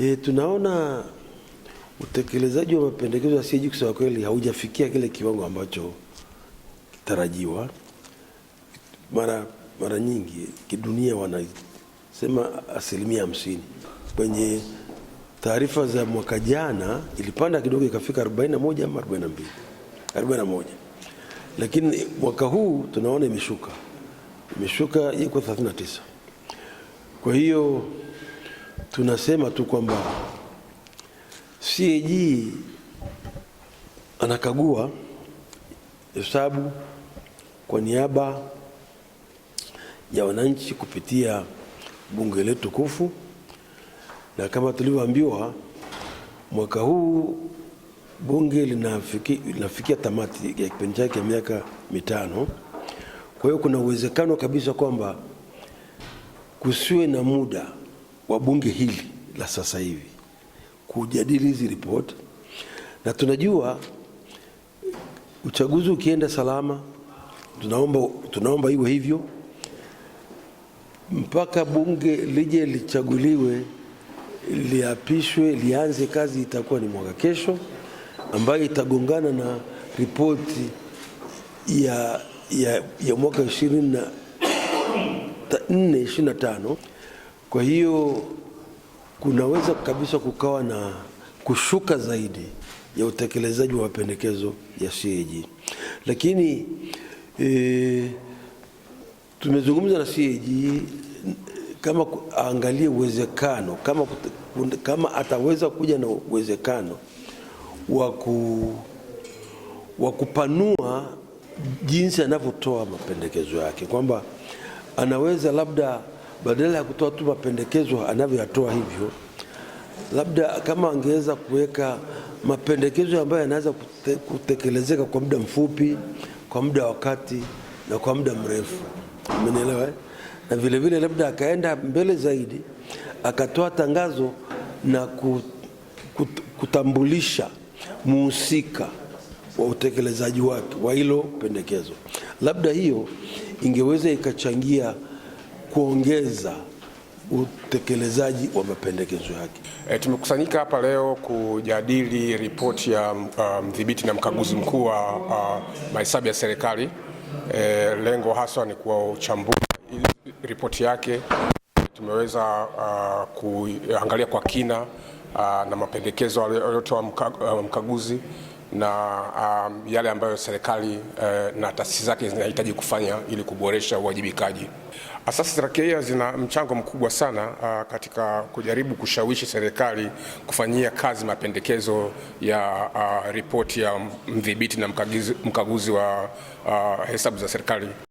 E, tunaona utekelezaji wa mapendekezo ya CAG kusema kweli haujafikia kile kiwango ambacho kitarajiwa Mara mara nyingi kidunia wanasema asilimia hamsini. Kwenye taarifa za mwaka jana ilipanda kidogo ikafika 41 ama 42, 41, lakini mwaka huu tunaona imeshuka imeshuka iko 39. Kwa hiyo tunasema tu kwamba CAG anakagua hesabu kwa niaba ya wananchi kupitia bunge letu tukufu, na kama tulivyoambiwa, mwaka huu bunge linafikia, tamati ya kipindi chake ya miaka mitano. Kwa hiyo kuna uwezekano kabisa kwamba kusiwe na muda wa bunge hili la sasa hivi kujadili hizi ripoti, na tunajua uchaguzi ukienda salama, tunaomba, tunaomba iwe hivyo mpaka bunge lije lichaguliwe liapishwe lianze kazi, itakuwa ni mwaka kesho, ambayo itagongana na ripoti ya, ya, ya mwaka na 25 kwa hiyo kunaweza kabisa kukawa na kushuka zaidi ya utekelezaji wa mapendekezo ya CAG, lakini e, tumezungumza na CAG kama aangalie uwezekano kama, kama ataweza kuja na uwezekano wa kupanua jinsi anavyotoa mapendekezo yake kwamba anaweza labda badala ya kutoa tu mapendekezo anavyoyatoa hivyo, labda kama angeweza kuweka mapendekezo ambayo yanaweza kute, kutekelezeka kwa muda mfupi, kwa muda wa kati na kwa muda mrefu, umenielewa eh? Na vile vile labda akaenda mbele zaidi akatoa tangazo na kutambulisha muhusika wa utekelezaji wake wa hilo pendekezo, labda hiyo ingeweza ikachangia kuongeza utekelezaji wa mapendekezo yake. E, tumekusanyika hapa leo kujadili ripoti ya um, mdhibiti um, na mkaguzi mkuu wa uh, mahesabu ya serikali. E, lengo haswa ni kuchambua ripoti yake. Tumeweza uh, kuangalia kwa kina uh, na mapendekezo aliyotoa uh, mkaguzi na um, yale ambayo serikali uh, na taasisi zake zinahitaji kufanya ili kuboresha uwajibikaji. Asasi za kiraia zina mchango mkubwa sana uh, katika kujaribu kushawishi serikali kufanyia kazi mapendekezo ya uh, ripoti ya mdhibiti na mkaguzi, mkaguzi wa uh, hesabu za serikali.